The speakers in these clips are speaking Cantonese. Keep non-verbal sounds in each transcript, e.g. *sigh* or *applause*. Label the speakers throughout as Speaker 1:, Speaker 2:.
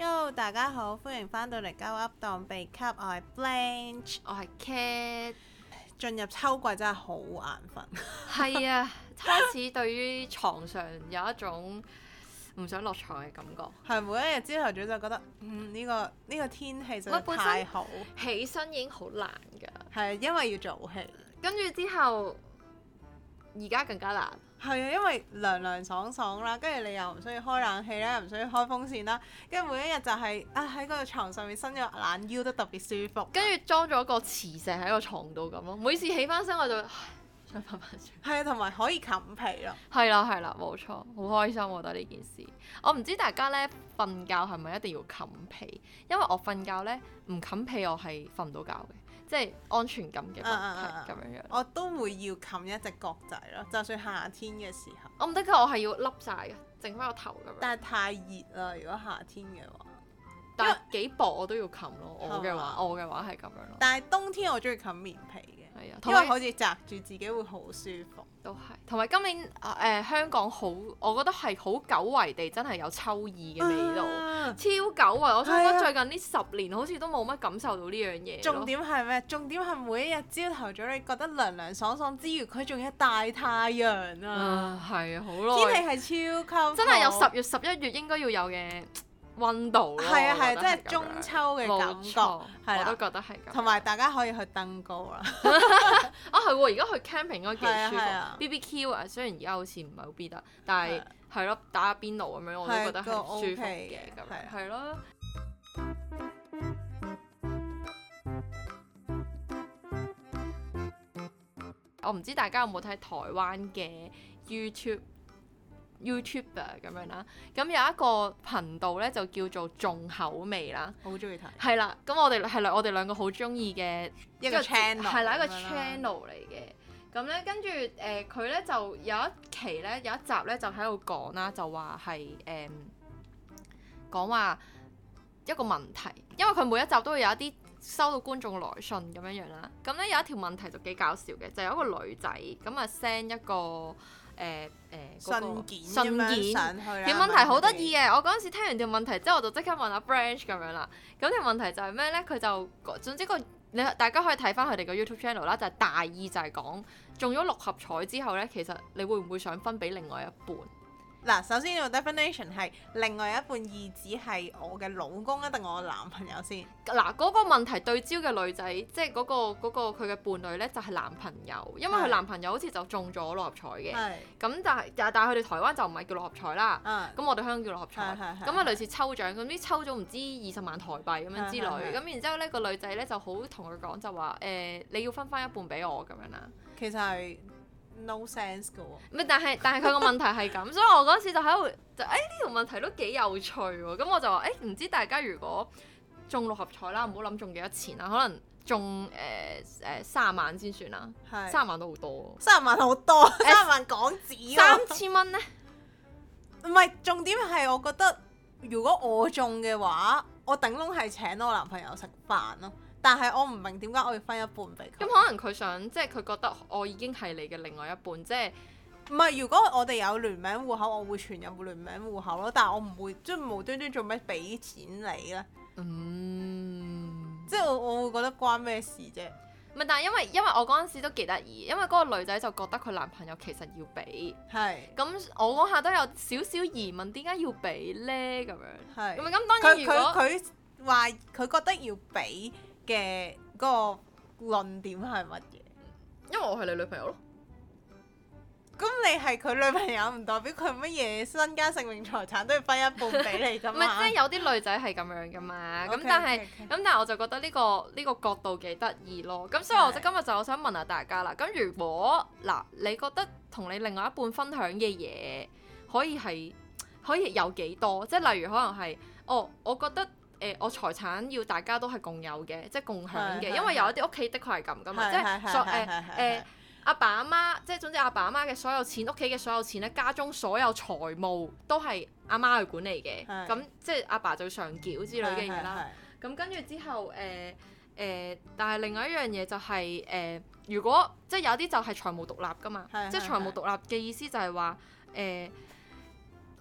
Speaker 1: h e l l o 大家好，歡迎翻到嚟《交 Up 檔秘笈》，我係 b l a n c h 我係 Cat。進入秋季真係好眼瞓。係 *laughs* 啊，
Speaker 2: 開始對於床上有一種唔想落床嘅感覺。
Speaker 1: 係 *laughs* 每一日朝頭早就覺得，嗯，呢、這個呢、這個天氣實在太好，身起身已經
Speaker 2: 好難噶。
Speaker 1: 係，因為要做戲。跟住之後，而家更加難。係啊，因為涼涼爽爽啦，跟住你又唔需要開冷氣啦，又唔需要開風扇啦，跟住每一日就係啊喺個床上面伸咗懶腰都特別舒服，跟住裝咗個磁石喺個床度咁咯，每次起翻身我就想瞓返。係啊，同埋可以冚被咯。
Speaker 2: 係啦，係啦，冇錯，好開心我覺得呢件事。我唔知大家呢瞓覺係咪一定要冚被，因為我瞓覺呢，唔冚被我係瞓唔到覺嘅。
Speaker 1: 即係安全感嘅問題，咁樣樣，我都會要冚一隻角仔咯，就算夏天嘅時候。我唔得嘅，我係要笠晒嘅，整翻個頭咁。但係太熱啦，如果夏天嘅話。因為
Speaker 2: 但幾薄我都要冚咯，我嘅話，話我嘅話係咁樣咯。
Speaker 1: 但係冬天我中意冚棉被。因為好似擸住自己會好舒服，都係。同
Speaker 2: 埋今年誒、呃、香港好，我覺得係好久違地真係有秋意嘅味道，
Speaker 1: 啊、超久違。我想講最近呢十年好似都冇乜感受到呢樣嘢。重點係咩？重點係每一日朝頭早你覺得涼涼爽爽之餘，佢仲要大太陽啊！係啊，好囉。天氣係超級真係有十月十一月應該要有嘅。溫度咯，係啊係，即係中秋嘅感覺，我都覺得係咁。同埋大家可以去登高啦，啊係而家去 camping 應該幾舒
Speaker 2: 服，BBQ 啊，雖然而家好似唔係好必得，但係係咯，打下邊爐咁樣我都覺得係舒服嘅，咁，係咯。我唔知大家有冇睇台灣嘅 YouTube？YouTube 咁樣啦，咁有一個頻道咧就叫做重口味啦。我好中意睇。係啦，咁我哋係我哋兩個好中意嘅一個，個 channel 係啦，一個 channel 嚟嘅。咁咧啦跟住誒，佢、呃、咧就有一期咧有一集咧就喺度講啦，就話係誒講話一個問題，因為佢每一集都會有一啲收到觀眾來信咁樣樣啦。咁咧有一條問題就幾搞笑嘅，就有一個女仔咁啊 send 一個。
Speaker 1: 誒誒信件咁樣，條問題好得意
Speaker 2: 嘅。我嗰陣時聽完條問題之後，我就即刻問阿 Branch 咁樣啦。咁條問題就係咩咧？佢就總之個，你大家可以睇翻佢哋個 YouTube channel 啦。就係大意就係講中咗六合彩之後咧，其實你會唔會想分俾另外一半？
Speaker 1: 嗱，首先呢個 definition 係另外一半意指係我嘅老公啊，定我男朋友先。嗱，嗰個問題對焦嘅女仔，即
Speaker 2: 係嗰個嗰個佢嘅伴侶咧，就係男朋友，因為佢男朋友好似就中咗六合彩嘅。咁係但係但係佢哋台灣就唔係叫六合彩啦。咁、啊、我哋香港叫六合彩。咁啊類似抽獎咁，啲抽咗唔知二十萬台幣咁樣之類。咁然之後咧，個女仔咧就好同佢講就話：誒、呃，你要分翻一半俾我咁樣啦。
Speaker 1: 其實係。no sense
Speaker 2: 噶，唔係，但係但係佢、 *laughs* 哎這個問題係咁。所以我嗰時就喺度就，誒呢條問題都幾有趣喎，咁我就話誒，唔知大家如果中六合彩啦，唔好諗中幾多錢啦，可能中誒誒、呃呃、三十萬先算啦，是三十萬都好多，多，三十萬好多，三十萬
Speaker 1: 港紙三千蚊呢？唔係重點係我覺得如果我中嘅話，我頂籠係請到我男朋友食飯咯。但係我唔明點解我要分一半俾佢。咁可能佢想即係佢覺得我已經係你嘅另外一半，即係唔係？如果我哋有聯名戶口，我會存入聯名戶口咯。但係我唔會即係無端端做咩俾錢你咧。嗯，即係我我會覺得關咩
Speaker 2: 事啫？唔係，但係因為因為我嗰陣時都幾得意，因為嗰個女仔就覺得佢男朋友其實要俾，係咁，我嗰下都有少少疑問問，點解要俾咧？咁樣
Speaker 1: 係唔係咁？當然，佢佢佢話佢覺得要俾。嘅嗰個論點係乜嘢？因為我係你女朋友咯。咁你係佢女朋友唔代表佢乜嘢身家、性命、財產都要分一半俾你噶嘛？唔係，即係有啲女仔係咁樣噶嘛。咁但係，
Speaker 2: 咁但係我就覺得呢個呢個角度幾得意咯。咁所以我喺今日就我想問下大家啦。咁是如果嗱，你覺得同你另外一半分享嘅嘢可以係可以有幾多？即係例如可能係，哦，我覺得。誒，我財產要大家都係共有嘅，即係共享嘅，因為有一啲屋企的確係咁噶嘛，即係所誒阿爸阿媽，即係總之阿爸阿媽嘅所有錢，屋企嘅所有錢咧，家中所有財務都係阿媽去管理嘅，咁即係阿爸就上繳之類嘅嘢啦。咁跟住之後，誒誒，但係另外一樣嘢就係誒，如果即係有啲就係財務獨立噶嘛，即係財務獨立嘅意思就係話誒。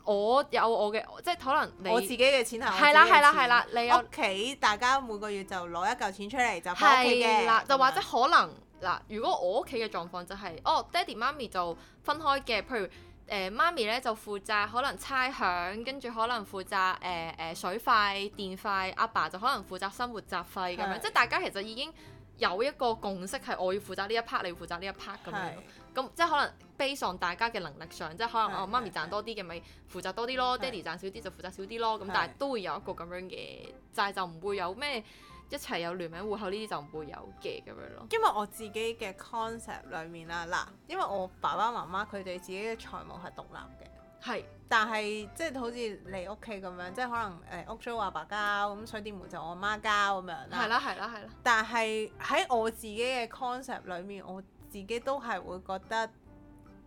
Speaker 2: 我有我嘅，即係可能你我自己嘅錢係，係啦係啦係啦，你屋
Speaker 1: 企大家每個月就攞一嚿錢出嚟就翻屋企嘅。啦，樣就或
Speaker 2: 者可能嗱，如果我屋企嘅狀況就係、係，哦，爹哋媽咪就分開嘅，譬如誒、呃、媽咪咧就負責可能差餉，跟住可能負責誒誒、呃、水費電費，阿爸，爸就可能負責生活雜費咁樣，的即係大家其實已經。有一個共識係我要負責呢一 part，你要負責呢一 part 咁樣，咁是即係可能悲 a 大家嘅能力上，即係可能我是、哦、媽咪賺多啲嘅咪負責多啲咯，爹哋是賺少啲就負責少啲咯，咁是但係都會有一個咁樣嘅債就唔、是、會有咩一齊有聯名戶口呢啲就唔會有
Speaker 1: 嘅咁樣咯。因為我自己嘅 concept 裡面啦，嗱，因為我爸爸媽媽佢哋自己嘅財務係獨立嘅。係，是但係即係好似你屋企咁樣，即、就、係、是、可能誒、呃、屋租阿爸交，咁、嗯、水電煤就我媽交咁樣啦。係啦，係啦，係啦。但係喺我自己嘅 concept 裏面，我自己都係會覺得、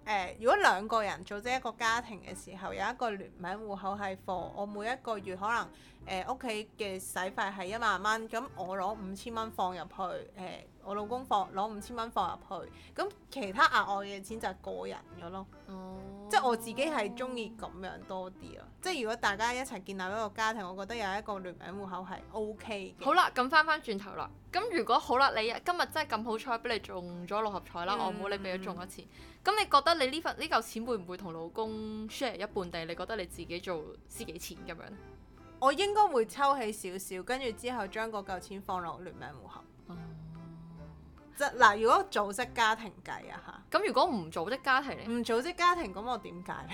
Speaker 1: 呃、如果兩個人組織一個家庭嘅時候，有一個聯名戶口係貨我每一個月可能誒屋企嘅使費係一萬蚊，咁、呃、我攞五千蚊放入去，誒、呃、我老公放攞五千蚊放入去，咁其他額外嘅錢就係個人嘅咯。哦、嗯。即係我自己係中意咁樣多啲咯。即係如果大家一齊建立一個家庭，我覺得有一個聯名戶口係 OK。好啦，咁翻翻轉頭啦。咁如果好啦，你
Speaker 2: 今日真係咁好彩，俾你中咗六合彩啦。嗯、我冇你俾佢中咗錢。咁、嗯、你覺得你呢份呢嚿錢會唔會同老公 share 一半地？定係你覺得你自己做私己錢咁樣？
Speaker 1: 我應該會抽起少少，跟住之後將嗰嚿錢放落聯名戶口。嗯嗱，如果組織家庭計啊嚇，咁、嗯、如果唔組織家庭咧，唔組織家庭咁我點解？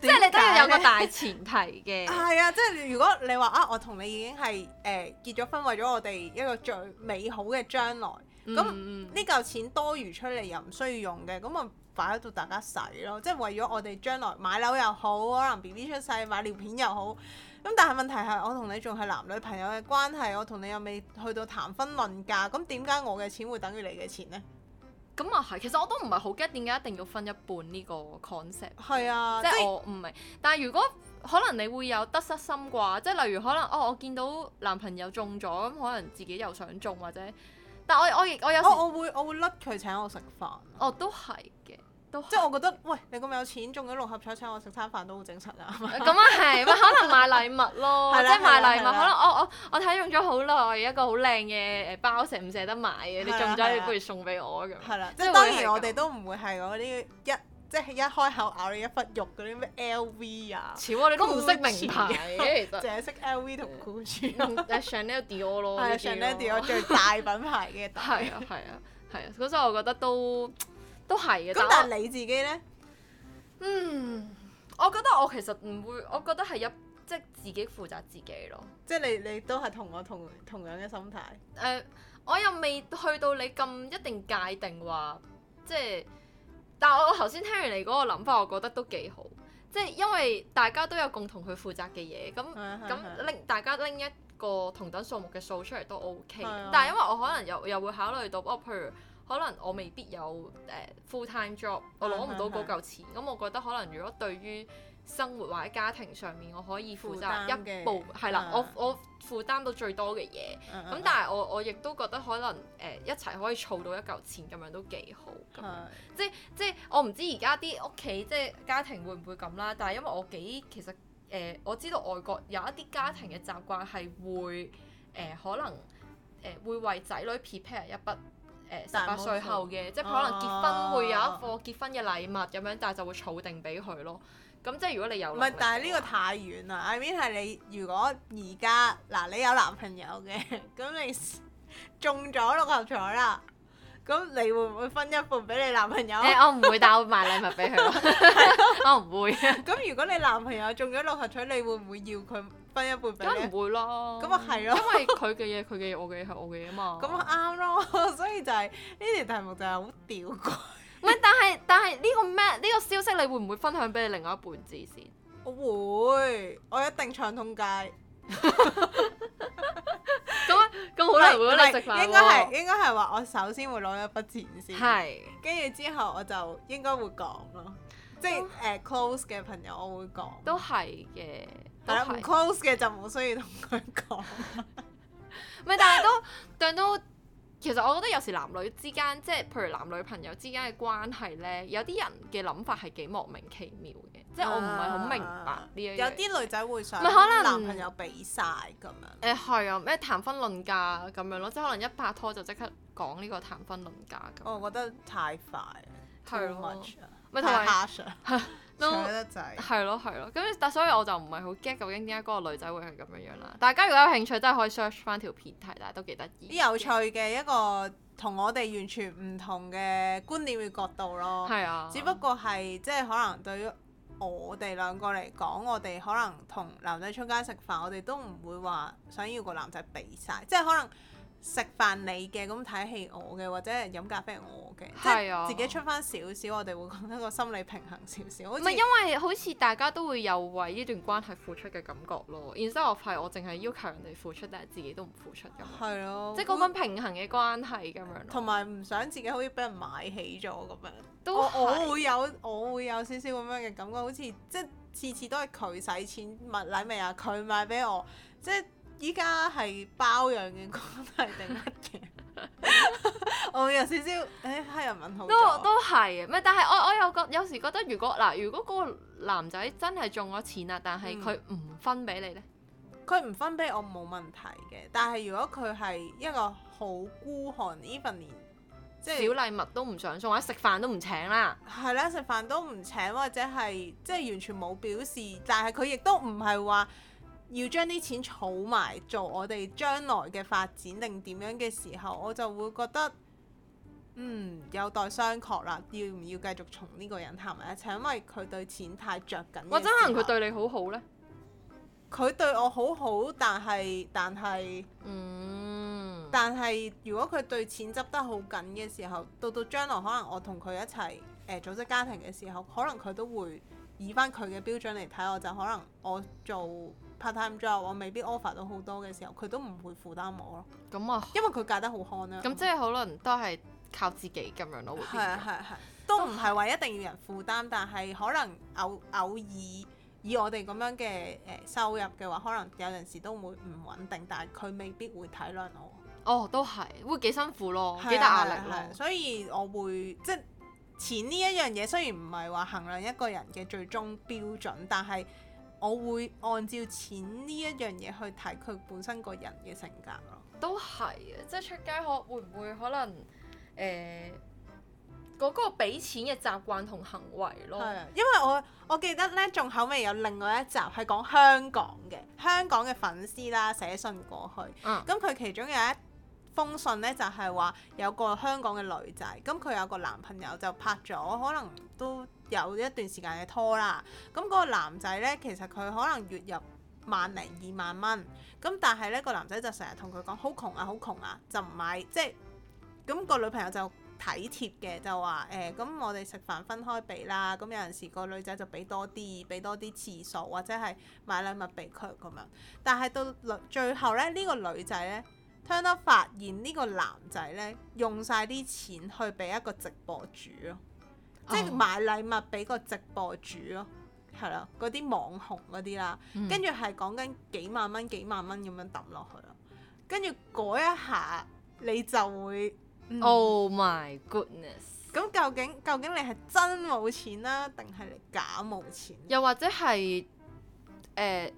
Speaker 1: 即係你都要有個大前提嘅。係 *laughs* 啊，即、就、係、是、如果你話啊，我同你已經係誒、呃、結咗婚，為咗我哋一個最美好嘅將來，咁呢嚿錢多餘出嚟又唔需要用嘅，咁啊擺喺度大家使咯，即、就、係、是、為咗我哋將來買樓又好，可能 B B 出世買尿片又好。嗯咁但係問題係，我同你仲係男女朋友嘅關係，我同你又未去到談婚論嫁，咁點解我嘅錢會等於你嘅錢呢？咁啊係，其實我都唔係好 get 點解一
Speaker 2: 定要分一半呢個 concept。係啊，即係是 以我唔明。但係如果可能你會有得失心啩，即係例如可能哦，我見到男朋友中咗，咁可能自己又想
Speaker 1: 中或者，但係我我我，我有時、哦、我會我會甩佢請我食飯。我、哦、都係。即係我覺得，喂，你咁有錢中咗六合彩請我食餐飯都好正常啊！咁啊係，可能買禮物咯，即係買禮物可能我我我睇中咗好耐一個好靚嘅誒包，捨唔捨得買嘅？你中咗不如送俾我咁。
Speaker 2: 係啦，即係當然我哋都
Speaker 1: 唔會係嗰啲一即係一開口咬你一忽肉嗰啲咩 LV 啊，你都唔識名牌嘅，其實淨係識
Speaker 2: LV 同 Gucci 咯 Chanel Dior 咯 Chanel Dior 最大品牌嘅。係啊係啊係啊，所以我覺得都。都係嘅，咁但係我，你自己呢？嗯，我覺得我其實唔會，我覺得係一即係、即係、自己負責自己咯。即係你你都係同我同同樣嘅心態。誒、呃，我又未去到你咁一定界定話，即係，但係我頭先聽完你嗰個諗法，我覺得都幾好。即係因為大家都有共同去負責嘅嘢，咁咁大家拎一個同等數目嘅數出嚟都 OK，啊。但係因為我可能又又會考慮到我譬如。可能我未必有誒、uh, full time job，、嗯、我攞唔到嗰嚿錢，咁、嗯嗯嗯、我覺得可能如果對於生活或者家庭上面，我可以負責一部係、嗯、啦，嗯、我我負擔到最多嘅嘢，咁、嗯嗯嗯、但係我我亦都覺得可能誒、uh, 一齊可以儲到一嚿錢咁樣都幾好，咁、嗯嗯、即係即係我唔知而家啲屋企即家庭會唔會咁啦，但係因為我幾其實誒、呃、我知道外國有一啲家庭嘅習慣係會誒、呃呃、可能誒、呃、會為仔女 prepare 一筆。誒十八、呃、歲後嘅，即係可能結婚會有一個結婚嘅禮物咁樣，哦、但係就會儲定俾佢咯。咁即係如果你有，唔係，但係呢個太遠啦。
Speaker 1: I mean 係你如果而家嗱你有男朋友嘅，咁你中咗六合彩啦，咁你會唔會分一半分俾你男朋友？誒、欸，我唔會，
Speaker 2: 帶埋我禮物俾佢，
Speaker 1: 我唔會。咁如果你男朋友中咗六合彩，你會唔會要佢？分一半俾你，唔會啦。咁 *noise* 啊，係咯。因為佢嘅嘢，佢嘅嘢，我嘅嘢係我嘅嘢啊嘛。咁啊啱咯，所以就係呢條題目就係好屌啩。唔係，但係但
Speaker 2: 係呢個咩？呢、呢個消息你會唔會分享俾你另外一半字先？我會，我一
Speaker 1: 定暢通街。咁咁好啦，唔好嚟食飯咯。應該係應該係話，我首先會攞一筆錢先，係的。跟住之後我就應該會講咯，即係誒、嗯呃、close 嘅朋友我會講。都係嘅。但係唔 close 嘅就冇需要同佢講，唔係 *laughs* *laughs* 但係都，但都
Speaker 2: 其實我覺得有時男女之間，即係譬如男女朋友之間嘅關係咧，有啲人嘅諗法係幾莫名其妙嘅，啊、即係我唔係好明
Speaker 1: 白呢樣、啊。有啲女仔會想，唔係可能男朋友
Speaker 2: 俾晒咁樣。誒係、呃、啊，咩談婚論嫁咁樣咯，即係可能一拍拖就即刻講呢個談婚論嫁咁。我覺得太快，too much，唔係太 harsh 搶得滯，係咯係咯，咁但所以我就唔係好 get 究
Speaker 1: 竟點解嗰個女仔會係咁樣樣啦？
Speaker 2: 大家如果有興趣，都係可以 search 翻條片睇。但係都幾得意，啲有趣
Speaker 1: 嘅一個同我哋完全唔同嘅觀念嘅角度咯。係啊了，只不過係即係可能對於我哋兩個嚟講，我哋可能同男仔出街食飯，我哋都唔會話想要個男仔俾晒，即係可能。食飯你嘅，咁睇戲我嘅，或者飲咖啡我嘅，啊、即係自己出翻少少，我哋會講一個心理平衡少少。唔係因為
Speaker 2: 好似大家都會有為呢段關係付出嘅感覺咯，然之後係我淨係要求人哋付出，但係自己都唔付出咁。係
Speaker 1: 咯、啊，即係嗰種平衡嘅關係咁樣。同埋唔想自己好似俾人買起咗咁樣。都係我，我會有我會有少少咁樣嘅感覺，好似即係次次都係佢使錢買禮物啊，佢買俾我，即係。依家係包養嘅關係定乜嘢？我有少少誒黑人問號。都都係，唔係？但係我
Speaker 2: 我有個有時覺得如，如果嗱，嗯、如果嗰個男仔真係中咗錢啦，但係佢唔
Speaker 1: 分俾你咧，佢唔分俾我冇問題嘅。但係如果佢係一個好孤寒，even 連即係小禮物都唔想送，或者食飯都唔請啦，係啦，食飯都唔請，或者係即係完全冇表示。但係佢亦都唔係話。要將啲錢儲埋做我哋將來嘅發展定點樣嘅時候，我就會覺得嗯有待商榷啦。要唔要繼續從呢個人談埋一齊？因為佢對錢太着緊。哇！真係可能佢對你好好呢？佢對我好好，但係但係嗯，但係如果佢對錢執得好緊嘅時候，到到將來可能我同佢一齊誒、呃、組織家庭嘅時候，可能佢都會以翻佢嘅標準嚟睇，我就可能我做。part-time job 我未必 offer 到好多嘅時候，佢都唔會負擔我咯。咁啊，因為佢嫁得好 con 啦。咁、嗯、即係可能
Speaker 2: 都係靠自己咁樣咯。係啊係係，
Speaker 1: 都唔係話一定要人負擔，但係可能偶偶爾以我哋咁樣嘅誒、呃、收入嘅話，可能有陣時都會唔穩定，但係佢未必會體諒我。哦，都係會幾辛苦咯，是是是是幾大壓力咯。是是是是所以我會即係錢呢一樣嘢，雖然唔係話衡量一個人嘅最終標準，但係。我會按照錢呢一樣嘢去睇佢本身個人嘅性格咯，都係啊！即係出街可會唔會可能誒嗰個俾錢嘅習慣同行為咯，因為我我記得呢，仲後尾有另外一集係講香港嘅香港嘅粉絲啦，寫信過去，咁佢其中有一。嗯嗯封信咧就係話有個香港嘅女仔，咁佢有個男朋友就拍咗，可能都有一段時間嘅拖啦。咁嗰個男仔呢，其實佢可能月入萬零二萬蚊，咁但係呢個男仔就成日同佢講好窮啊，好窮啊，就唔買即係。咁個女朋友就體貼嘅，就話誒，咁我哋食飯分開俾啦。咁有陣時個女仔就俾多啲，俾多啲次數或者係買禮物俾佢咁樣。但係到最最後咧，呢個女仔呢。聽到發現呢個男仔呢，用晒啲錢去俾一個直播主咯，即係買禮物俾個直播主咯，係啦、oh.，嗰啲網紅嗰啲啦，跟住係講緊幾萬蚊，幾萬蚊咁樣抌落去咯，跟住嗰一下你就會、嗯、，Oh my goodness！咁究竟究竟你係真冇錢啦，啊，定係你假冇錢，啊？又或者係誒？呃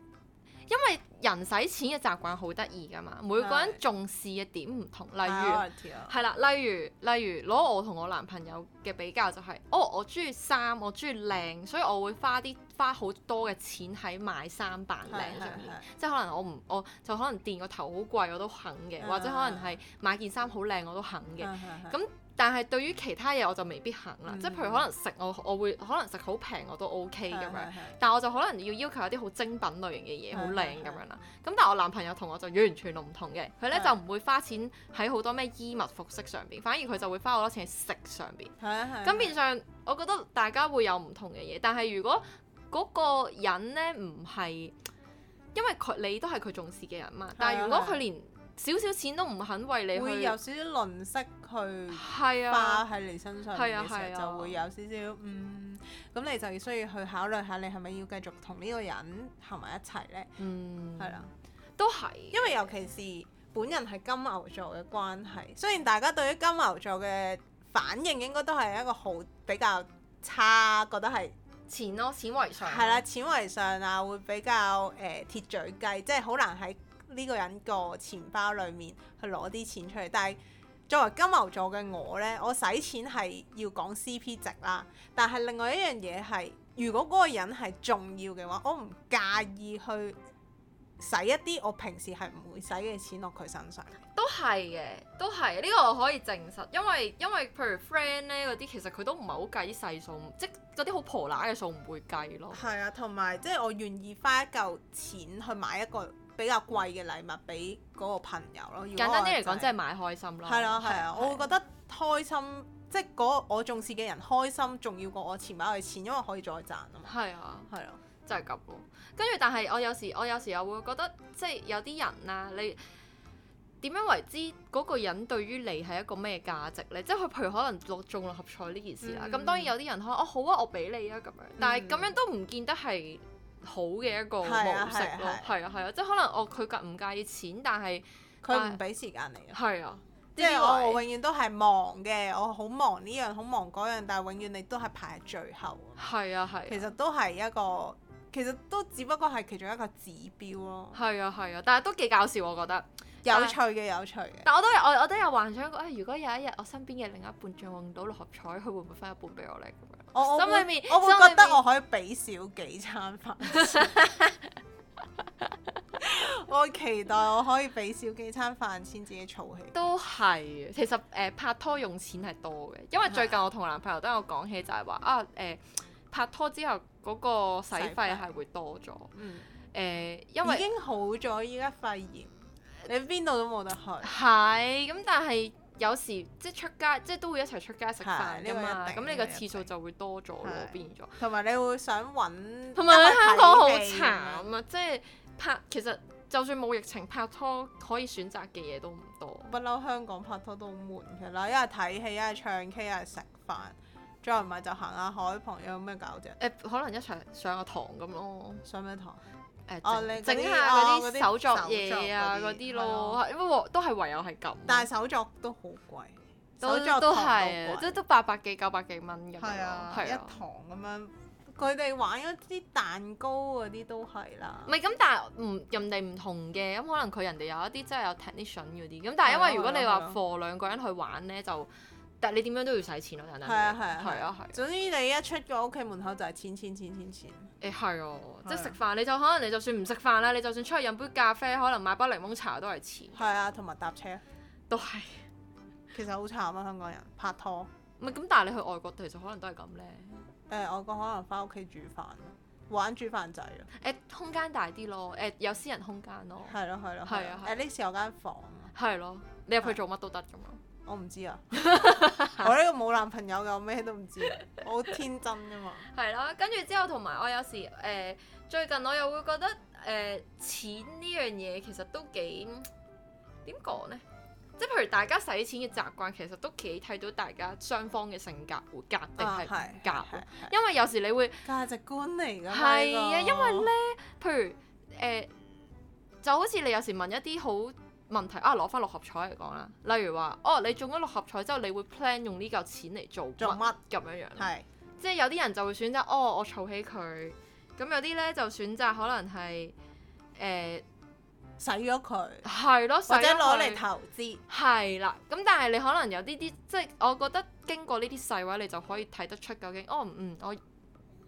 Speaker 2: 因為人使錢嘅習慣好得意㗎嘛，每個人重視嘅點唔同，例如係、oh, 啦，例如例如攞我同我男朋友嘅比較就係、是，哦，我中意衫，我中意靚，所以我會花啲花好多嘅錢喺買衫扮靚上面，是是是是，即係可能我唔我就可能電個頭好貴我都肯嘅，或者可能係買件衫好靚我都肯嘅，咁。但係對於其他嘢我就未必肯啦，即係、嗯、譬如可能食我我會可能食好平我都 O K 咁樣，是是是但係我就可能要要求一啲好精品類型嘅嘢，好靚咁樣啦。咁但係我男朋友同我就完全都唔同嘅，佢咧是就唔會花錢喺好多咩衣物服飾上邊，反而佢就會花好多錢喺食上邊。係咁變相我覺得大家會有唔同嘅嘢，但係如果嗰個人咧唔係，因為佢你都係佢重視嘅人嘛。是是但係如果佢連少少錢都唔肯為你，會有少
Speaker 1: 少吝嗇去花喺你身上嘅時候，啊啊啊、就會有少少嗯，咁你就要需要去考慮下，你係咪要繼續同呢個人行埋一齊呢？嗯，係啦，都係，因為尤其是本人係金牛座嘅關係，雖然大家對於金牛座嘅反應應該都係一個好比較差，覺得係錢咯、哦，錢為上係啦，錢為上啊，會比較誒、呃、鐵嘴雞，即係好難喺，呢個人個錢包裡面去攞啲錢出嚟，但係作為金牛座嘅我呢，我使錢係要講 CP 值啦。但係另外一樣嘢係，如果嗰個人係重要嘅話，我唔介意去使一啲我平時係唔會使嘅錢落佢身上。都係嘅，都
Speaker 2: 係呢個我可以證實，因為因為譬如 friend 呢嗰啲，其實佢都唔係好計細數，
Speaker 1: 即嗰啲好婆乸嘅數唔會計咯。係啊，同埋即係我願意花一嚿錢去買一個。比較貴嘅禮物俾嗰個朋友咯。簡單啲嚟講，即係買開心咯。係啊，係啊，啊啊我會覺得開心，啊啊、即係嗰我重視嘅人開心，仲要過我錢包嘅錢，因為可以再賺啊嘛。係啊，係啊，就係咁咯。跟住，但係我有時，我
Speaker 2: 有時又會覺得，即係有啲人啊，你點樣為之嗰個人對於你係一個咩價值咧？即係佢譬如可能落中六合彩呢件事啦、啊。咁、嗯、當然有啲人可能哦好啊，我俾你啊咁樣，但係咁樣都唔見得係。嗯好嘅一個模式咯，係啊係啊，即係可能我佢唔介意錢，但係佢唔俾時間你啊。係啊，即係我
Speaker 1: 永遠都係忙嘅，我好忙呢樣好忙嗰樣，但係永遠你都係排喺最後。係啊係，其實都係一個，其實都只不過係其中一個指標咯。
Speaker 2: 係啊係啊，但係都幾搞笑，我覺得。有趣嘅，有趣嘅、啊。但我都我我都有幻想過，誒、哎，如果有一日我身邊嘅另一半中唔到六合彩，佢會唔會分一半俾我呢？咁樣。我心裏面，我會覺得我
Speaker 1: 可以俾少幾餐飯。 *laughs* *laughs* 我期待我可以俾少幾餐飯先自己儲起。都係，
Speaker 2: 其實誒、呃，拍拖用錢係多嘅，因為最近我同男朋友都有講起就，就係話啊，誒、呃，拍拖之後嗰個使費係會多咗費、嗯呃。因為已經
Speaker 1: 好咗，依家肺炎。
Speaker 2: 你邊度都冇得去，係咁，但係有時即係出街即係都會一齊出街食飯㗎嘛，咁你個次數就會多咗咯，變咗。同埋有你會想搵，同埋喺香港好慘啊，即係
Speaker 1: 拍其實就算冇疫情，拍拖可以選擇嘅嘢都唔多，不嬲香港拍拖都好悶㗎啦，一係睇戲，一係唱 K，ey, 一係食飯，再唔係就行下、啊、海旁有咩搞啫？誒、欸，可能一齊上下堂咁咯，上咩堂？整、呃、下嗰啲手作嘢、哦、啊嗰啲咯，因為手都係唯有係咁。但係手作都好貴，手作都係即
Speaker 2: 都八百幾九百幾蚊咁咯，係一
Speaker 1: 堂咁樣。
Speaker 2: 佢哋玩
Speaker 1: 一啲蛋糕嗰啲都係啦。
Speaker 2: 唔係咁，但係唔人哋唔同嘅，咁可能佢人哋有一啲真係有 technician 嗰啲。咁但係因為如果你話、啊啊啊、for 兩個人去玩咧就。但你點樣都要使錢咯，等等。係啊係啊係啊係。總之你一出咗屋企門口就係錢錢錢錢錢。誒係啊，即係食飯，你就可能你就算唔食飯啦，你就算出去飲杯咖啡，可能買包檸檬茶都係錢。係啊，同埋搭車都係。
Speaker 1: 其實好慘啊，香港人拍拖。唔係咁但係你去外國，其實可能都係咁咧。誒外國可能翻屋企煮飯，玩煮飯仔啊。誒空間大啲咯，誒有私人空間咯。係咯係咯。係啊誒呢時有間房。係咯，你入去做乜都得㗎嘛。我唔知啊， *laughs* 我呢個冇男朋友嘅，我咩都唔知，我好天真㗎嘛。
Speaker 2: 係啦， *laughs* 跟住之後同埋我有時誒、呃，最近我又會覺得誒、呃、錢呢樣嘢其實都幾點講呢？即係譬如大家使錢嘅習慣，其實都幾睇到大家雙方嘅性格會夾定係唔夾。啊、因為有時你會價值
Speaker 1: 觀嚟㗎。係啊是，這個、因為呢，譬如誒、呃，
Speaker 2: 就好似你有時問一啲好問題啊，攞翻六合彩嚟講啦，例如話，哦，你中咗六合彩之後，你會 plan 用呢嚿錢嚟做做乜咁樣樣？係是，即係有啲人就會選擇，哦，我儲起佢，咁有啲咧就選擇可能係誒使咗佢，係、呃、咯，或者攞嚟投資，係啦。咁、嗯、但係你可能有啲啲，即係我覺得經過呢啲細位，你就可以睇得出究竟，哦，嗯，我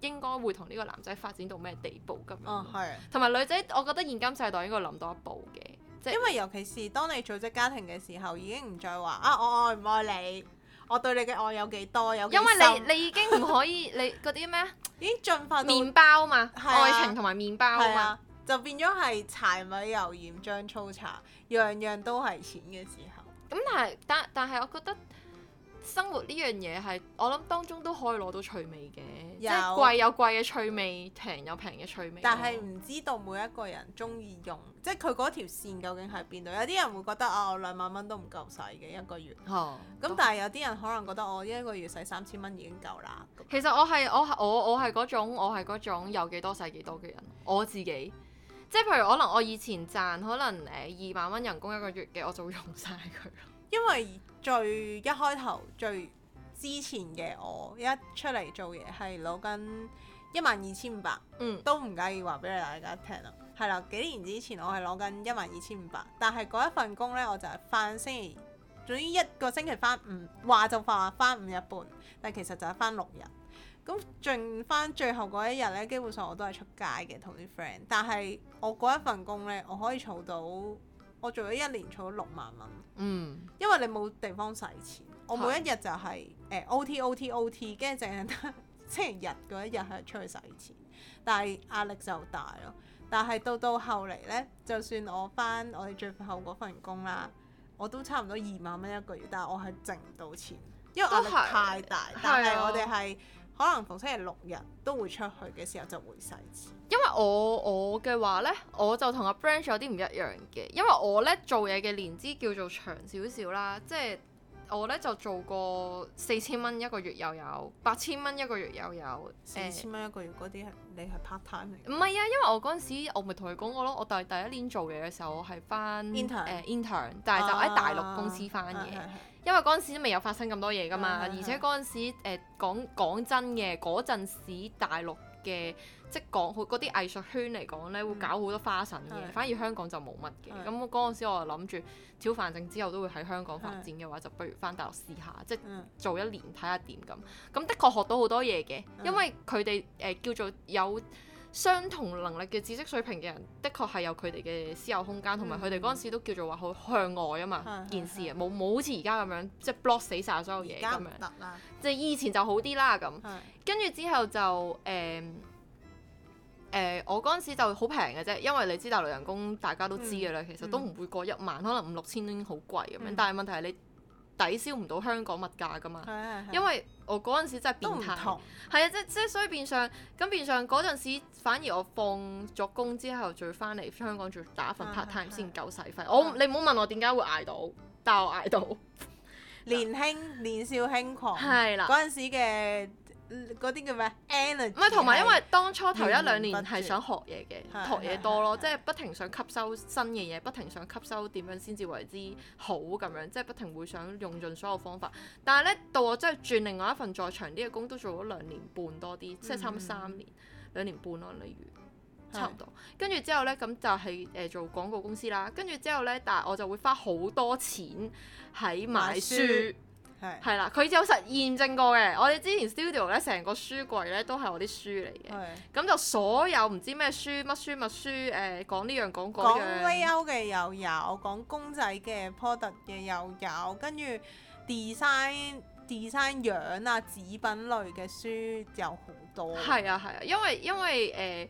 Speaker 2: 應該會同呢個男仔發展到咩地步咁啊，係、哦。同埋女仔，我覺得
Speaker 1: 現今世代應該諗到一步嘅。因為尤其是當你組織家庭嘅時候，已經唔再話啊，我愛唔愛你，我對你嘅愛有幾多有幾深？因為你你已經唔可以 *laughs* 你嗰啲咩，已經進化到麪包嘛，啊、愛情同埋麪包啊，嗎啊，就變咗係柴米油鹽醬醋茶，樣樣都係錢嘅時候。咁但係但但係我覺得。生活呢樣嘢係我諗當中都可以攞到趣味嘅，有即係貴有貴嘅趣味，平有平嘅趣味。但係唔知道每一個人中意用，嗯、即係佢嗰條線究竟係邊度？有啲人會覺得啊，兩萬蚊都唔夠使嘅一個月。咁、哦、但係有啲人可能覺得我一個月使三千蚊已經夠啦。嗯、其實我係
Speaker 2: 我我我係嗰種我係嗰種有幾多使幾多嘅人。我自己，即係譬如可能我以前賺可能誒二萬蚊人工一個月嘅，我就會用晒佢。
Speaker 1: 因為最一開頭最之前嘅我一出嚟做嘢係攞緊一萬二千五百，12, 500, 嗯，都唔介意話俾你大家聽啦。係啦、嗯，幾年之前我係攞緊一萬二千五百，但係嗰一份工呢，我就係翻星期，總之一個星期翻五，話就話翻五日半，但其實就係翻六日。咁剩翻最後嗰一日呢，基本上我都係出街嘅，同啲 friend。但係我嗰一份工呢，我可以儲到。我做咗一年，儲咗六萬蚊。嗯，因為你冇地方使錢，我每一日就係、是、誒是、呃、OT OT OT，跟住淨係得星期日嗰一日係出去使錢，但係壓力就大咯。但係到到後嚟呢，就算我返我哋最後嗰份工啦，嗯、我都差唔多二萬蚊一個月，但係我係剩唔到錢，因為壓力太大。是但係我哋係。的可能逢星期六日都會出去嘅時候就會細啲。
Speaker 2: 因為我我嘅話呢，我就同阿 Branch 有啲唔一樣嘅。因為我呢做嘢嘅年資叫做長少少啦，即係我呢就做過四千蚊一個月又有，八千蚊一個月又
Speaker 1: 有，四千蚊一個月嗰啲係你係 part time
Speaker 2: 嚟。唔係啊，因為我嗰陣時我咪同佢講過咯，我第第一年做嘢嘅時候我係返 intern，誒 intern，但係喺大陸公司返嘅。啊啊啊啊啊啊啊因為嗰陣時都未有發生咁多嘢㗎嘛，uh, 而且嗰陣時誒、uh, 呃、講講真嘅，嗰陣時大陸嘅即係講好嗰啲藝術圈嚟講咧，會搞好多花神嘅，uh, 反而香港就冇乜嘅。咁嗰陣時我就諗住超凡證之後都會喺香港發展嘅話，uh, 就不如返大陸試下，即係做一年睇下點咁。咁的確學到好多嘢嘅，因為佢哋誒叫做有。相同能力嘅知識水平嘅人，的確係有佢哋嘅私有空間，同埋佢哋嗰陣時都叫做話好向外啊嘛，嗯、件事啊，冇冇好似而家咁樣即係、就是、block 死晒所有嘢咁樣，即、就、係、是、以前就好啲啦咁。嗯、跟住之後就誒誒、呃呃，我嗰陣時就好平嘅啫，因為你知道大陸人工大家都知嘅啦，嗯、其實都唔會過一萬，嗯、可能五六千都已經好貴咁樣，嗯、但係問題係你。抵消唔到香港物價噶嘛，係係係，因為我嗰陣時真係變態，係啊，即係即係所以變相咁，變相嗰陣時，反而我放咗工之後，仲要翻嚟香港，再打份 part time 先夠使費。係係係我、啊、你唔好問我點解會捱到，但我捱到，
Speaker 1: *laughs* 年輕年少輕狂係啦，嗰陣時嘅。嗰啲叫咩 energy 唔係同埋，是因為當初、嗯、頭一兩年係想學
Speaker 2: 嘢嘅，的學嘢多咯，的即係不停想吸收新嘅嘢，不停想吸收點樣先至為之好咁樣，嗯、即係不停會想用盡所有方法。但係呢，到我真係轉另外一份再長啲嘅工，都做咗兩年半多啲，即係、嗯、差唔多三年、嗯、兩年半咯、啊，例如差唔多。的跟住之後呢，咁就係、是、誒、呃、做廣告公司啦。跟住之後呢，但係我就會花好多錢喺買書。係係啦，佢有實驗證過嘅。我哋之前 studio 咧，成個書櫃咧都係我啲書嚟嘅。咁的就所有唔知咩書，乜書乜書誒、呃，講呢樣講嗰樣。講 Leo
Speaker 1: 嘅又有，講公仔嘅 product 嘅又有，跟住 design design 樣啊，紙品類嘅書就好多。係啊係啊，
Speaker 2: 因為因為誒。呃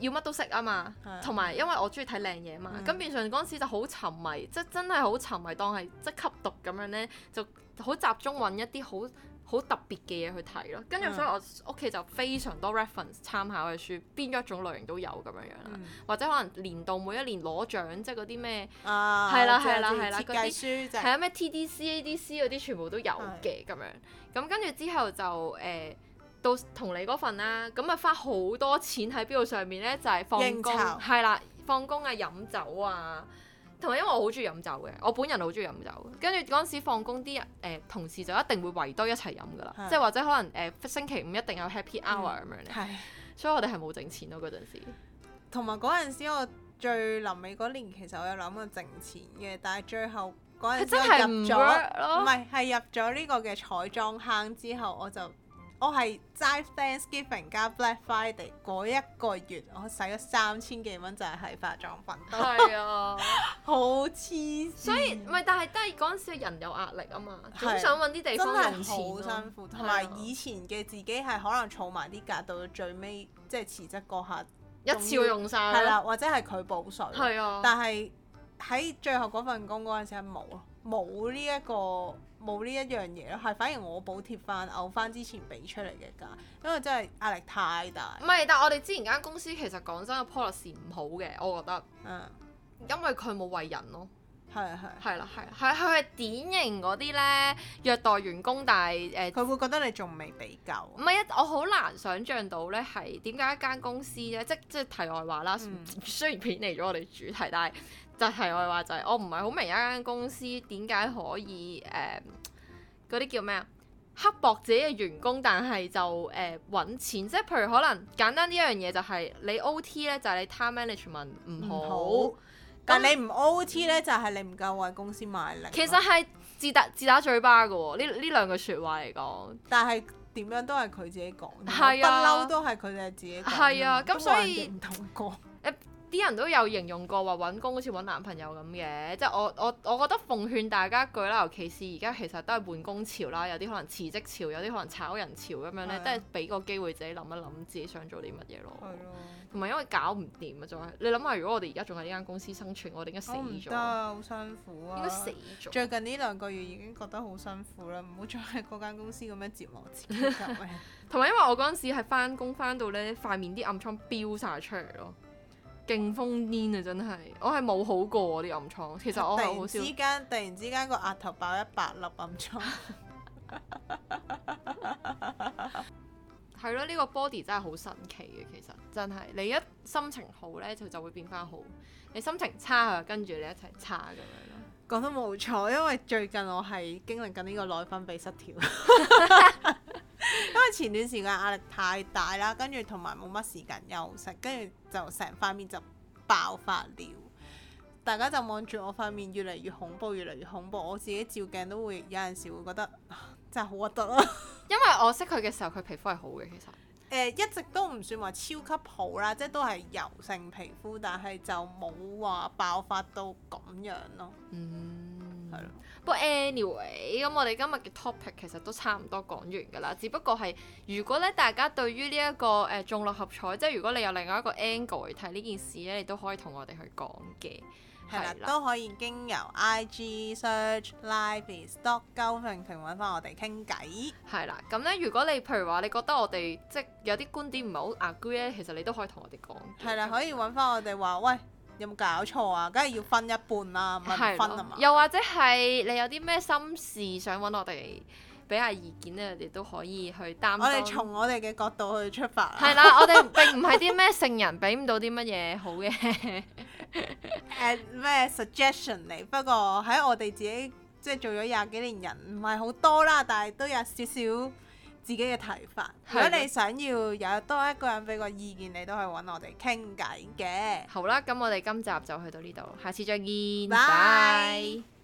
Speaker 2: 要乜都識啊嘛，同埋因為我中意睇靚嘢嘛，咁變相嗰陣時就好沉迷，即真係好沉迷當係即吸毒咁樣咧，就好集中揾一啲好好特別嘅嘢去睇咯。跟住所以我屋企就非常多 reference 參考嘅書，邊一種類型都有咁樣樣啦，或者可能年度每一年攞獎即嗰啲咩，
Speaker 1: 係啦係啦係啦，設計書即係啊
Speaker 2: 咩 TDC、ADC 嗰啲全部都有嘅咁樣。咁跟住之後就誒。到同你嗰份啦、啊，咁啊花好多錢喺邊度上面呢？就係放工，係酬啦，放工啊飲酒啊，同埋因為我好中意飲酒嘅，我本人好中意飲酒。跟住嗰陣時放工啲人誒同事就一定會圍堆一齊飲噶啦，即係是或者可能誒、呃、星期五一定有 Happy
Speaker 1: Hour 咁、嗯、樣
Speaker 2: 是所以我哋係冇整錢咯，嗰陣時。
Speaker 1: 同埋嗰陣時，我最臨尾嗰年其實我有諗過整錢嘅，但係最後嗰陣時入咗，唔係，係入咗呢個嘅彩妝坑之後我就。我係齋 Thanksgiving 加 Black Friday 嗰一個月，我使咗三千幾蚊，就係喺化妝品。係啊， *laughs* 好黐線。所以唔係，但係都係嗰陣時人有壓
Speaker 2: 力啊嘛，好、啊、想揾啲地方用錢。真係好辛苦，同埋、
Speaker 1: 啊、以前嘅自己係可能儲埋啲假到最尾，即係辭職嗰下一次用晒。係啦、啊，或者係佢補水。係啊。但係喺最後嗰份工嗰陣時，冇咯，冇呢一個。冇呢一樣嘢咯，係反而我補貼翻、嘔翻之前俾出嚟嘅價，因為真係壓力太大。唔係，但係我哋之前間公司其實講真個 policy 唔好嘅，我覺得。嗯。
Speaker 2: 因為佢冇為人咯。係係。係啦係，係係典型嗰啲咧，虐待員工，但係誒，佢、呃、會覺得你仲未俾夠。唔係一，我好難想像到咧，係點解一間公司咧，即即題外話啦。嗯、雖然偏離咗我哋主題，但係。就係我話，就係我唔係好明一間公司點解可以誒嗰啲叫咩啊？刻薄自己嘅員工，但係就誒搵、uh, 錢，即、就、係、是、譬如可能簡單一、就是、呢一樣嘢，就係你 OT 咧，就係你 time management 唔好。好但你
Speaker 1: 唔 OT 咧，嗯、就係你唔夠為公司賣力。其實係自打自打嘴巴嘅喎、哦，呢呢兩句説話嚟講，但係點樣都係佢自己講，不嬲、啊、都係佢哋自己講。
Speaker 2: 係啊，咁、嗯啊、所以認同過。 *laughs* uh, 啲人都有形容過話揾工好似揾男朋友咁嘅，即係我我我覺得奉勸大家一句啦，尤其是而家其實都係換工潮啦，有啲可能辭職潮，有啲可能炒人潮咁樣咧，的都係俾個機會自己諗一諗自己想做啲乜嘢咯。同埋的因為搞唔掂啊，仲係你諗下，如果我哋而家仲喺呢間公司生存，我哋應該死咗。我唔得，好
Speaker 1: 辛苦啊！應該死咗。最近呢兩個月已經覺得好辛苦啦，唔好再喺嗰間公司咁樣折磨自己
Speaker 2: 同埋 *laughs* *laughs* 因為我嗰陣時係返工翻到咧，塊面啲暗瘡飆晒出嚟咯。勁瘋癲啊！真係，我
Speaker 1: 係冇好過我啲暗瘡。其實我係好少之間、啊，突然之間個額頭爆一百粒暗瘡。係咯，呢、
Speaker 2: 呢個 body 真係好神奇嘅，其實真係。你一心情好呢，佢就，就會變翻好；你心情差，就跟住你一齊差咁樣咯。
Speaker 1: 講得冇錯，因為最近我係經歷緊呢個內分泌失調。 *laughs* *laughs* 前段時間壓力太大啦，跟住同埋冇乜時間休息，跟住就成塊面就爆發了。大家就望住我塊面越嚟越恐怖，越嚟越恐怖。我自己照鏡都會有陣時會覺得真係好核突咯。因為我識佢嘅時候，佢皮膚係好嘅，其實誒、呃、一直都唔算話超級好啦，即係都係油性皮膚，但係就冇話爆發到咁樣咯。嗯。係咯，不過 anyway，
Speaker 2: 咁我哋今日嘅 topic 其實都差唔多講完㗎啦，只不過係如果咧大家對於呢、這、一個誒中六合彩，即係如果你有另外一個 angle 嚟睇呢件事咧，你都可以同我哋去講嘅。係啦的，的都
Speaker 1: 可以經由 IG search live stock government 揾翻我哋傾偈。係啦，咁咧如果你譬如話你覺得我哋即
Speaker 2: 係有啲觀點唔係好 agree 其實你都可以同我哋講。係啦的，的可以揾翻我哋話喂。有冇搞錯啊？梗係要分一半啦，唔係分啊嘛！的吧又或者係你有啲咩心事想揾我哋俾下意見咧，你都可以去擔。我哋從我哋
Speaker 1: 嘅角度去出發的。係啦，我哋並唔係啲咩聖人，俾唔到啲乜嘢好嘅誒咩 suggestion 嚟。不過喺我哋自己即係、就是、做咗廿幾年人，唔係好多啦，但係都有少少。自己嘅睇法，的如果你想要有多一個人俾個意見，你都可以揾我哋傾偈嘅。好啦，咁我哋今集就去到呢度，下次再見，拜 Bye。